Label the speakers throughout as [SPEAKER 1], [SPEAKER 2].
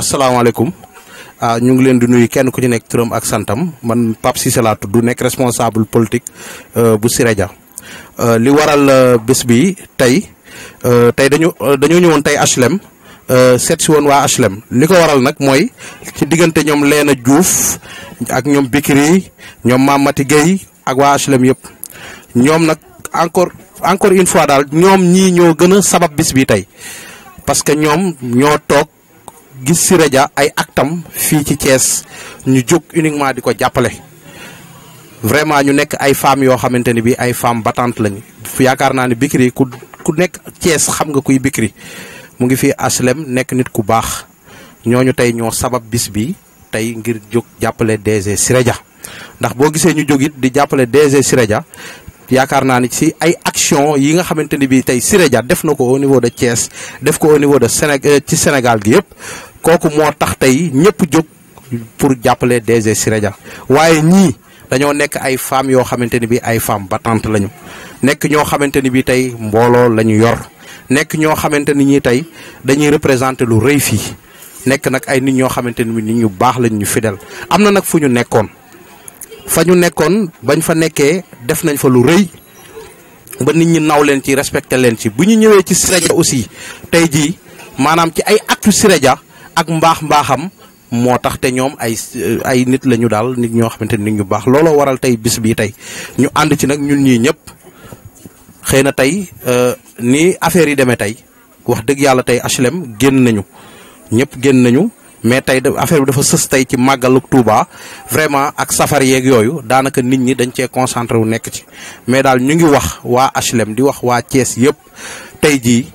[SPEAKER 1] asalaamaaleykum ah, ñu ngi leen di nuyu kenn ku ci nekk turam ak santam man Pape Cissé laa tudd nekk responsable politique euh, bu Sirédia euh, li waral euh, bés bi tey tey dañu dañoo ñëwoon tey HLM seet si woon waa HLM li ko waral nag mooy ci diggante ñoom Leena Diouf ak ñoom Bikiri ñoom Mamati Gueye ak waa HLM yëpp ñoom nag encore encore une fois daal ñoom ñii ñoo gën a sabab bis bi tey parce que ñoom ñoo toog. gis Siré Dia ay actam fii ci Thiès ñu jóg uniquement di ko jàppale vraiment ñu nekk ay femmes yoo xamante ni bi ay femmes battantes lañu yaakaar naa ne Bichri ku ku nekk Thiès xam nga kuy Bichri mu ngi fii HLM nekk nit ku baax ñooñu tey ñoo sabab bis bi tey ngir jóg jàppale DG Siré Dia ndax boo gisee ñu jóg di jàppale DG Siré Dia yaakaar naa ni si ay action yi nga xamante ni bii tey Siré Dia def na ko au niveau de Thiès def ko au niveau de Séné ci Sénégal gi yëpp kooku moo tax tey ñëpp jóg pour jàppale DG Siré Dia waaye ñii dañoo nekk ay femmes yoo xamante ni bi ay femmes battantes lañu nekk ñoo xamante ni bi tey mbooloo la ñu yor nekk ñoo xamante ni ñi tey dañuy représenter lu rëy fii nekk nag ay nit ñoo xamante ni bi nit ñu baax lañ ñu fidèle am na nag fu ñu nekkoon fa ñu nekkoon bañ fa nekkee def nañ fa lu rëy ba nit ñi naw leen ci respecté leen ci bu ñu ñëwee ci Siré Dia aussi tey jii maanaam ci ay actu Siré Dia ak mbaax mbaaxam moo tax te ñoom ay ay nit la ñu daal nit ñoo xamante ni nit ñu baax looloo waral tey bis bii tey ñu ànd ci nag ñun ñii ñëpp xëy na tey euh, ni affaire yi demee tey wax dëgg yàlla tey HLM génn nañu ñëpp génn nañu mais tey affaire bi dafa sës tey ci màggalu Touba vraiment ak safar yeeg yooyu daanaka nit ñi dañ cee concentré wu nekk ci mais daal ñu ngi wax waa HLM di wax waa Thiès yëpp tey jii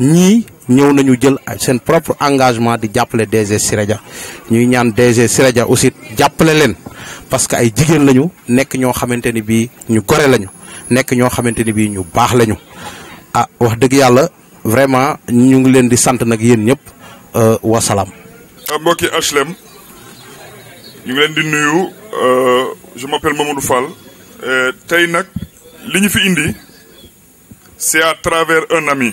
[SPEAKER 1] ñii ñëw nañu jël seen propre engagement di jàppale DG Siré Dia ñuy ñaan DG Siré Dia aussi jàppale leen parce que ay jigéen lañu nekk ñoo xamante ni bii ñu gore lañu nekk ñoo xamante ni bii ñu baax lañu ah wax dëgg yàlla vraiment ñu ngi leen di sant nag yéen ñëpp euh, wasalaam.
[SPEAKER 2] Ah, mbokki HLM ñu ngi leen di nuyu euh, euh, tey nag li ñu fi indi c'est à travers un ami.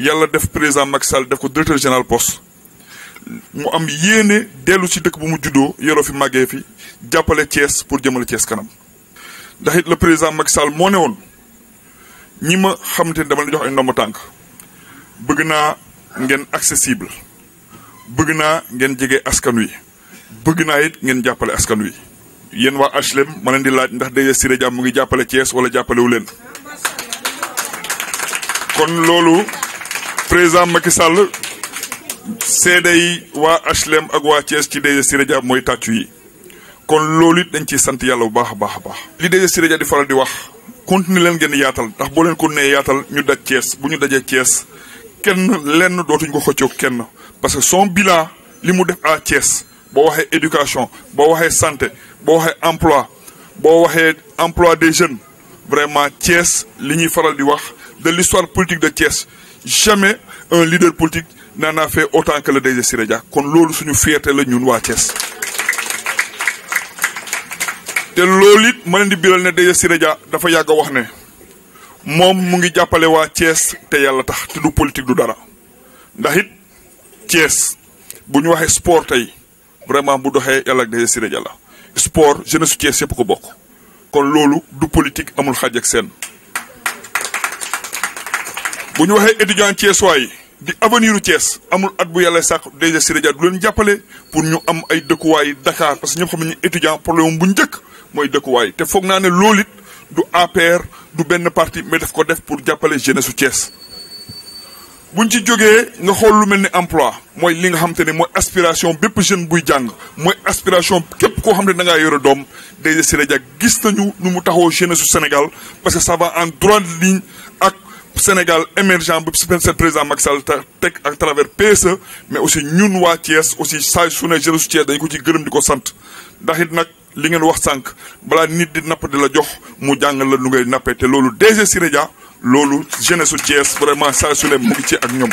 [SPEAKER 2] yàlla def président Macky Sall def ko directeur général poste mu am yéene dellu si dëkk bu mu juddoo yoroo fi màggee fi jàppale Thiès pour jëmale cees kanam ndax it la président Macky Sall moo ne woon ñi ma xamante ne dama la jox ay ndomba tànk bëgg naa ngeen accessible bëgg naa ngeen jege askan wi bëgg naa it ngeen jàppale askan wi. yéen waa HLM ma leen di laaj ndax DG Siré Dia mu ngi jàppale Thiès wala jàppalewu leen kon loolu. président Macky Sall seede wa waa HLM ak wa Thiès ci DG Siré moy mooy yi kon lolit dañ ci sante Yalla bu baax a baax baax. li DG Siré di faral di wax continue len gën yaatal tax boo leen ko né yaatal ñu daj Thiès bu ñu dajé Thiès kenn lenn dootuñ ko xëccoo kenn parce que son bilan li mu def à Thiès bo waxé éducation bo waxé santé bo waxé emploi bo waxé emploi des jeunes vraiment Thiès li ñuy faral di wax de l'histoire politique de Thiès. jamais un leader politique n'en a fait autant que le DG Siré Dia kon loolu suñu fierté la ñun waa Thiès te loolu it ma leen di biral ne DG Siré Dia dafa yàgg a wax ne moom mu ngi jàppale waa Thiès te yàlla tax te du politique du dara ndax it Thiès bu ñu waxee sport tey vraiment bu doxee yàlla ak DG la sport jeunesse su Thiès ko bokk kon loolu du politique amul xàjj ak seen. bu ñu waxee étudiant Thiessois yi di avenir u Thiès amul at bu yàlla sàq déjà Siré Dia du leen jàppale pour ñu am ay dëkkuwaay Dakar parce que ñëpp xam nañu étudiant problème bu njëkk mooy dëkkuwaay te foog naa ne loolu it du APR du benn partie mais daf ko def pour jàppale jeunesse su Thiès. buñ ci jógee nga xool lu mel ni emploi mooy li nga xam ne mooy aspiration bépp jeune buy jàng mooy aspiration képp koo xam ne da ngaa yore doom déjà Siré Dia gis nañu nu mu taxaw jeunesse su Sénégal Sénégal émergent bu seen président Macky Sall teg à travers PSE mais aussi ñun waa Thiès aussi saa su ne jeunesse dañ ko ci gërëm di ko sant ndax it nag li ngeen wax sànq balaa nit di napp di la jox mu jàngal la nu ngay nappee te loolu DG Siré loolu jeunesse su vraiment saa su ne mu ci ak ñoom.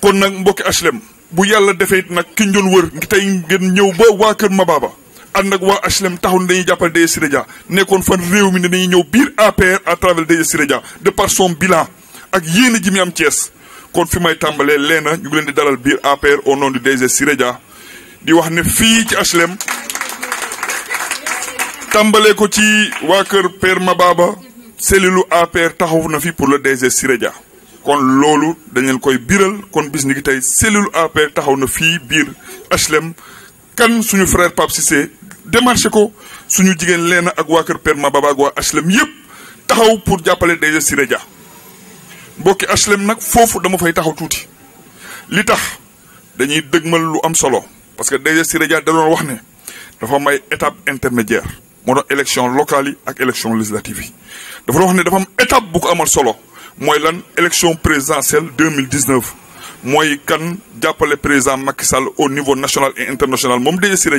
[SPEAKER 2] kon nag mbokki HLM bu yàlla defee it nag ki ñu doon wër tey ngeen ñëw ba waa kër ma baaba ànd ak waa HLM taxu ne dañuy jàppale Désiré Sérédia nekkoon fan réew mi ne dañuy ñëw biir APR à travers Désiré Sérédia de par son bilan ak yéene ji mi am Thiès kon fi may tàmbalee leena ñu ngi leen di dalal biir APR au nom du DG Sirédia di wax ne fii ci HLM tàmbale ko ci waa kër Père Mababa cellule APR taxaw na fi pour le DG Sirédia kon loolu dañ leen koy biiral kon bis ni ki tey cellule APR taxaw na fii biir HLM kan suñu frère Pape Cissé démarché ko suñu jigen leena ak waa kër Perma Baba ak wa HLM yëpp taxaw pour jàppale DG Siré Dia mbokki HLM nag foofu dama fay taxaw touti li tax dañuy deugmal lu am solo parce que DG Siré da doon wax né dafa may étape intermédiaire moo élection locale ak élection législative dafa wax né dafa am étape bu ko amal solo moy lan élection présidentielle 2019 moy kan jàppale président Macky Sall au niveau national et international mom DG Siré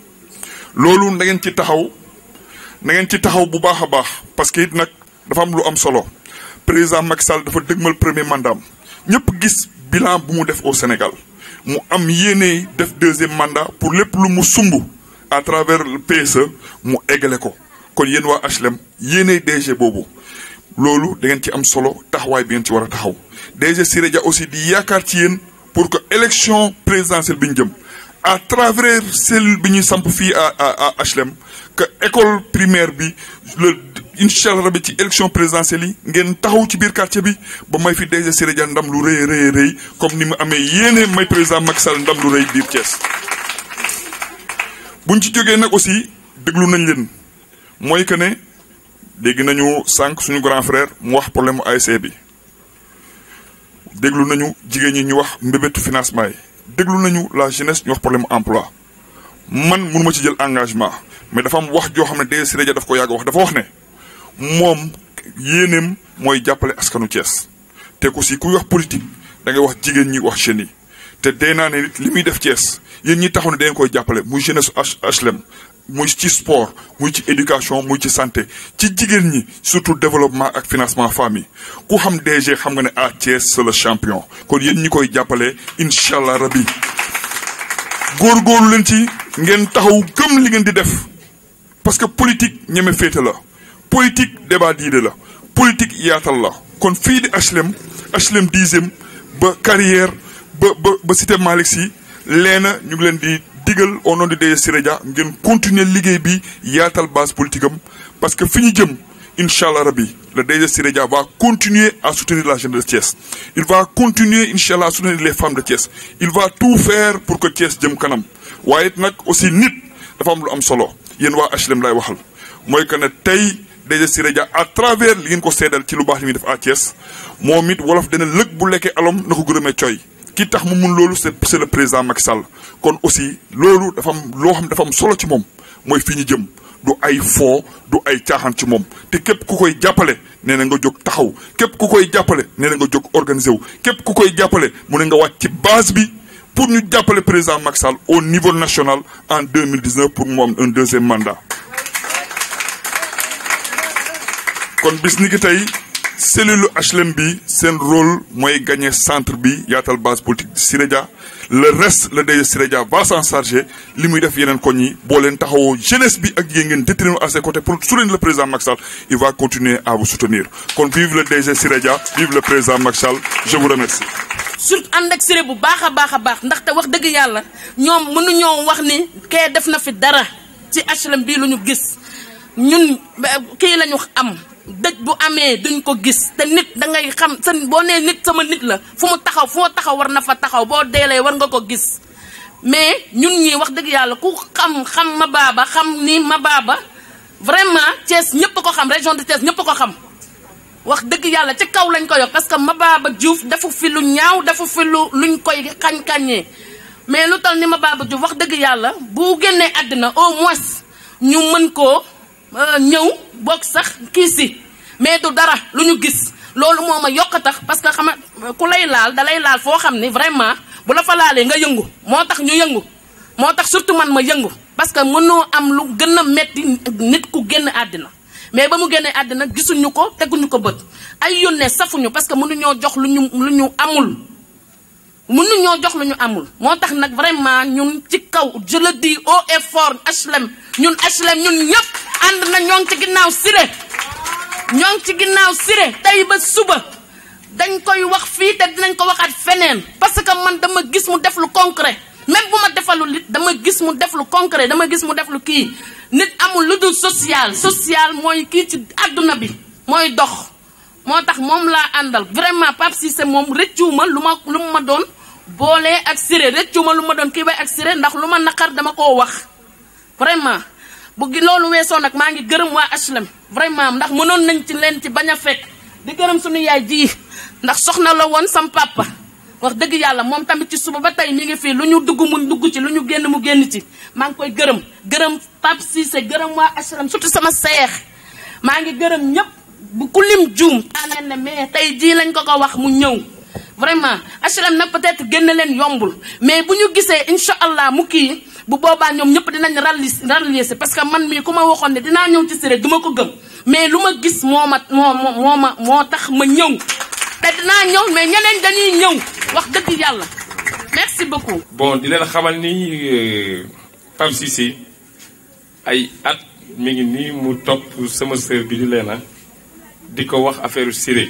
[SPEAKER 2] loolu na ngeen ci taxaw na ngeen ci taxaw bu baax a baax parce que it nag dafa am lu am solo président Macky Sall dafa dëgmal premier mandat ñëpp gis bilan bu mu def au Sénégal mu am yéene def deuxième mandat pour lépp lu mu sumb à travers le PSE mu eggale ko kon yéen waa HLM yéene DG boobu loolu da ngeen ci am solo taxawaay bi ngeen ci war a taxaw DG Siré ja aussi di yaakaar ci yéen pour que élection présidentielle bi ñu jëm à travers cellule bi ñuy samp fii à à HLM que école primaire bi le incha allah rabi ci élection présidentielle yi ngeen taxaw ci biir quartier bi ba may fi DG Siré Dia ndam lu rëy rëy comme ni mu amee yéene may président Macky Sall ndam lu rëy biir Thiès. buñ ci jógee nag aussi déglu nañ leen mooy que ne dégg nañu sànq suñu grand frère mu wax problème mu e bi déglu nañu jigéen ñi ñu wax mbébétu financement yi. déglu nañu la jeunesse ñu wax problème emploi man mënu ma ci jël engagement mais dafa am wax joo xam ne DG Siré Dia daf ko yàgg wax dafa wax ne moom yéeneem mooy jàppale askanu Thiès te ku si kuy wax politique da ngay wax jigéen ñi wax jeunes yi te day naa ne li muy def Thiès yéen ñi taxaw ne da ngeen koy jàppale muy jeunesse HLM muy ci sport muy ci éducation muy ci santé ci jigéen ñi surtout développement ak financement famille ku xam DG xam nga ne ah Thiès c'est le champion kon yéen ñi koy jàppale incha allah rabi góorgóorlu leen ci ngeen taxaw gëm li ngeen di def parce que politique ñeme féete la politique débat diide la politique yaatal la kon fii di HLM HLM dixième ba carrière ba ba cité Malick Sy ñu ngi leen di digal au nom de DS Siré Dia ngeen continuer liggéey bi yaatal base politique parce que fi ñu jëm inshallah rabbi le DG Siré va continuer à soutenir la jeunesse de Thiès il va continuer inshallah à soutenir les femmes de Thiès il va tout faire pour que Thiès jëm kanam waye nak aussi nit dafa am lu am solo yeen wa HLM lay waxal moy que ne tay DG Siré à travers li ngeen ko sédal ci lu baax li mi def à Thiès momit wolof dana lëg bu lekkee alom nako gëremé gërëmee ki tax mu mun loolu c'est c'est le président Macky Sall kon aussi loolu dafa am loo xam dafa am solo ci moom mooy fii ñu jëm du ay foo du ay caaxaan ci moom te képp ku koy jàppale nee na nga jóg taxaw képp ku koy jàppale nee na nga jóg organisé wu képp ku koy jàppale mu ne nga wàcc ci base bi pour ñu jàppale président Macky Sall au niveau national en 2019 pour mu am un deuxième mandat kon bis ni ki tey cellule HLM bi seen rôle mooy gagner centre bi yaatal base politique de Sireja. le reste le DG Sireja va s'en charger limuy def yenen koñ yi boo leen taxawoo jeunesse bi ak yéen ngeen déterminé à ses côtés pour soutenir le président Maxal il va continuer à vous soutenir kon vive le DG Sireja, vive le président Maxal. je vous remercie.
[SPEAKER 3] surtout ànd ak Siré bu baax a baax ndax baax ndaxte wax dëgg yàlla ñoom mënuñoo wax ni ké def na fi dara ci HLM bii lu ñu gis ñun kii lañu am. dëj bu amee duñ ko gis te nit dangay xam sa boo nee nit sama nit la fu mu taxaw foo taxaw war na fa taxaw boo deelee war nga ko gis mais ñun ñi wax dëgg yàlla ku xam xam ma baaba xam ni ma baaba vraiment Thiès ñëpp ko xam région de Thiès ñëpp ko xam wax dëgg yàlla ci kaw lañ ko yokk parce que ma baaba Diouf dafa fi lu ñaaw dafa fi lu luñ koy xañ-xañee mais lu tal ni ma baaba Diouf wax dëgg yàlla bu génnee àddina au moins ñu mën koo euh, ñëw bokk sax kii si mais du dara luñu gis lolou moma ma tax parce que xama ku lay laal dalay laal fo xamni vraiment bu la fa laalé nga yëngu motax ñu yëngu motax surtout man ma yëngu parce que mëno am lu gëna metti nit ku génn adina mais ba mu adina gisun ñu ko ñu ko bëtt ay safu ñu parce que ñoo jox luñu luñu amul mënu amul jox luñu amul motax nak nag vraiment ñun ci kaw je le dis au effort fort e ñun HLM e ñun ñëpp and na ñong ci ginnaw siré ñong ci ginnaw siré tay ba suba dañ koy wax fi té dinañ ko waxat fenen parce que man dama gis mu def lu concret même buma ma defalul it dama gis mu def lu concret dama gis mu def lu kii nit amul lu dul social social moy kii ci aduna bi moy dox motax mom la andal vraiment pap si c'est mom lu luma luma don bolé ak siré rëccuuma luma don ki bay ak siré ndax luma nakar dama ko wax vraiment bu lolou wesso nak ma ngi geureum wa aslam vraiment ndax mënoon nañ ci leen ci bañ a fekk di gërëm suñu yaay ji ndax soxna la woon sam papa wax dëgg yàlla moom tamit ci suba ba tey mi ngi fii lu ñu dugg mu dugg ci lu ñu génn mu génn ci maa ngi koy gërëm gërëm Pape Cissé gërëm waa HLM surtout sama seex maa ngi gërëm ñëpp bu ku juum. daa ne mais tey jii lañ ko ko wax mu ñëw. vraiment HLM nag peut-être génn leen yombul mais bu ñu gisee incha allah mu kii bu boobaa ñoom ñëpp dinañ ralli rallier si parce que man mii ku ma waxoon ne dinaa ñëw ci Siré duma ko gëm mais lu ma gis moo ma moo moo ma moo tax ma ñëw te dinaa ñëw mais ñeneen dañuy ñëw wax dëgg yàlla merci beaucoup.
[SPEAKER 4] bon di leen xamal ni euh, Pape Cissé ay at mi ngi nii mu topp sama sœur bi di leena di ko wax affaire Siré.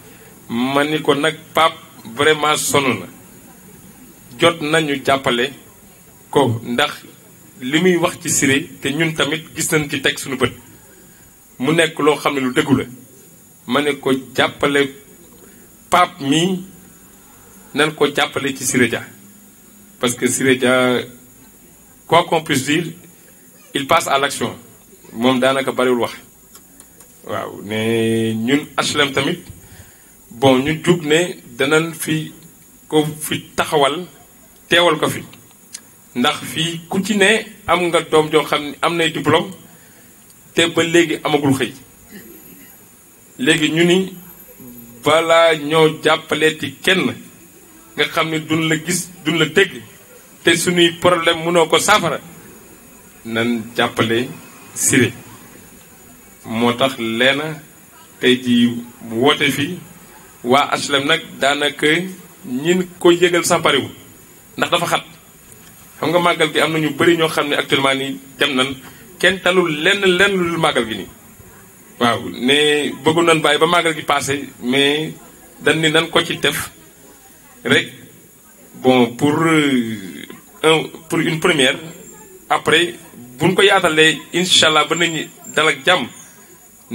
[SPEAKER 4] ma ni ko nag vraiment sonn na jot nañu jàppale ko ndax li muy wax ci Siré te ñun tamit gis nañ ci teg suñu bët mu nekk loo xam ne lu dëggu la ma ne ko jàppale pap mii nan ko jàppale ci Siré Dia parce que Siré Dia quoi qu'on puisse dire il passe à l'action moom daanaka bariwul wax waaw ne ñun HLM tamit bon ñu jug ne danañ fi ko fi taxawal teewal ko fi ndax fii ku ci ne am nga doom joo xam ne am nay diplôme te ba léegi amagul xëy léegi ñu ni balaa ñoo jàppaleeti kenn nga xam ne duñ la gis duñ la dégg te suñuy problème mënoo ko saafara nan jàppale Siré moo tax leena tey ji woote fii waa HLM nag daanaka ñin ko yëgal sax ndax dafa xat xam nga màggal gi am na ñu bëri ñoo xam ne actuellement nii dem nan kenn talul lenn lenn lu màggal gi nii waaw ne bëggu nan bàyyi ba màggal gi paase mais dan ni nan ko ci def rek bon pour euh, pour une première après buñ ko yaatalee incha allah ba nañu dal ak jàmm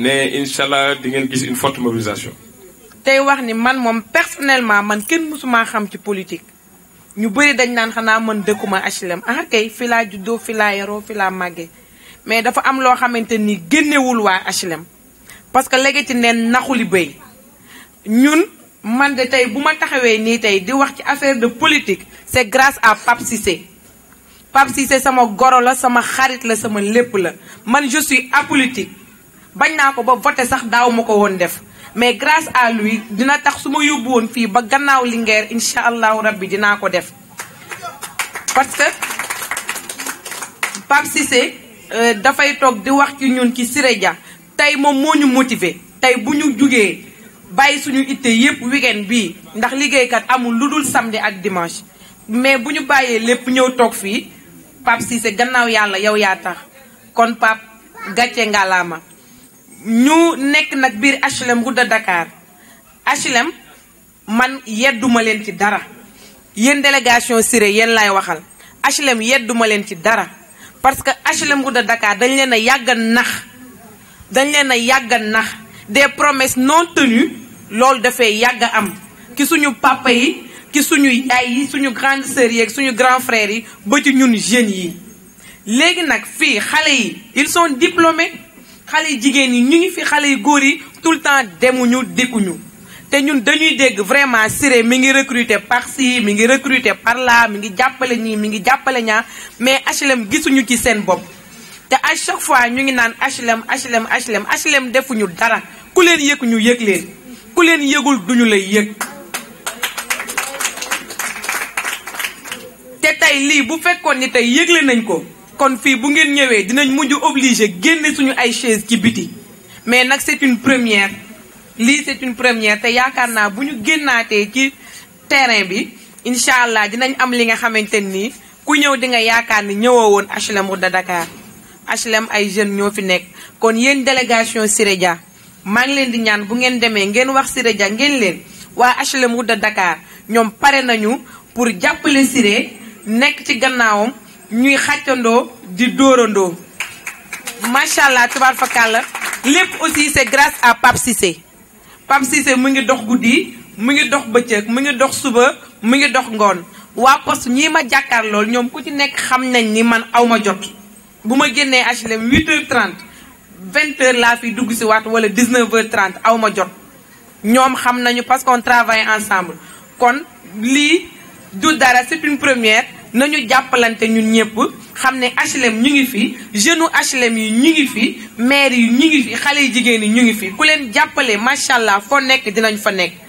[SPEAKER 4] ne incha allah di ngeen gis une forte mobilisation.
[SPEAKER 5] tay wax ni man mom personnellement man kenn musuma xam ci politique ñu bëri dañ nan xana man dëkkuma HLM ah kay fi laa juddoo fi laa yaroo fi laa mais dafa am lo xamanteni ni wa HLM parce que léegi ci neen naxuli béy ñun man de tay buma taxawé ni tay di wax ci affaire de politique c'est grâce à Pape Cissé Pape Cissé sama goro la sama xarit la sama lepp la man je suis apolitique bañ naa ko ba voter sax daaw ma ko woon def mais grâce à lui dina tax su ma yóbbu woon fii ba gannaaw Linguère incha allahu rabbi dinaa ko def parce que Pape Cissé euh, dafay toog di wax ci ñun ci sire Dia tey moom moo ñu motive tey bu ñu jugee bàyyi suñu itte yépp weekend bii ndax liggéeykat amul lu dul samdi ak dimanche mais bu ñu bàyyee lépp ñëw toog fii Pape gannaaw yàlla yow yaa tax kon Pape gàcce ngalaama ñu nekk nag biir HLM Route de Dakar HLM man yedduma leen ci dara yéen délégation Siré yéen laay waxal HLM yedduma leen ci dara parce que HLM Route de Dakar dañ leen a yàgg a nax dañ leen a yàgg a des promesses non tenues loolu dafay yàgg am ki suñu papa yi ki suñu ay yi suñu grande sœurs suñu grand frères yi ba ci ñun jeunes yi léegi nag fii xale yi ils sont diplômés xale yi jigéen yi ñu ngi fi xale yu góor yi tout le temps demuñu dikkuñu te ñun dañuy dégg vraiment Siré mi ngi recruter par ci mi ngi recruter par là mi ngi jàppale nii mi ngi jàppale ña mais HLM gisuñu ci seen bopp te a chaque fois ñu ngi naan HLM HLM HLM HLM defuñu dara ku leen yëg ñu yëg leen ku leen yëgul duñu lay yëg te tey lii bu fekkoon ni tey yëgle nañ ko kon fii bu ngeen ñëwee dinañ mujj obligé génne suñu ay chaise ci biti mais nag c'est une première lii c'est une première te yaakaar naa bu ñu génnaatee ci terrain bi incha allah dinañ am li nga xamante nii ku ñëw di nga yaakaar ni ñëwoo woon HLM Route de Dakar HLM ay jeunes ñoo fi nekk kon yéen délégation Siré Dia maa ngi leen di ñaan bu ngeen demee ngeen wax Siré Dia ngeen leen waa HLM Route de Dakar ñoom pare nañu pour jàppale Siré nekk ci gannaawam ñuy xàccandoo di dóorandoo macha allah tubarfakalla lépp aussi c'est grace à Pape Cissé Pape Cissé mu ngi dox guddi mu ngi dox bëccëg mu ngi dox suba mu ngi dox ngoon waa poste ñii ma jàkkaar lool ñoom ku ci nekk xam nañ ni man aw ma jot bu ma génnee HLM 8h30 20h laa fi dugg si waat wala 19h30 aw ma jot ñoom xam nañu parce qu'on travaille ensemble kon lii. du dara c'est une première nañu jàppalante ñun ñëpp xam ne HLM ñu ngi fi jeune HLM yi ñu ngi fi maire yi ñu ngi fi xale yi jigéen yi ñu ngi fi ku leen jàppale macha allah foo nekk dinañ fa nekk.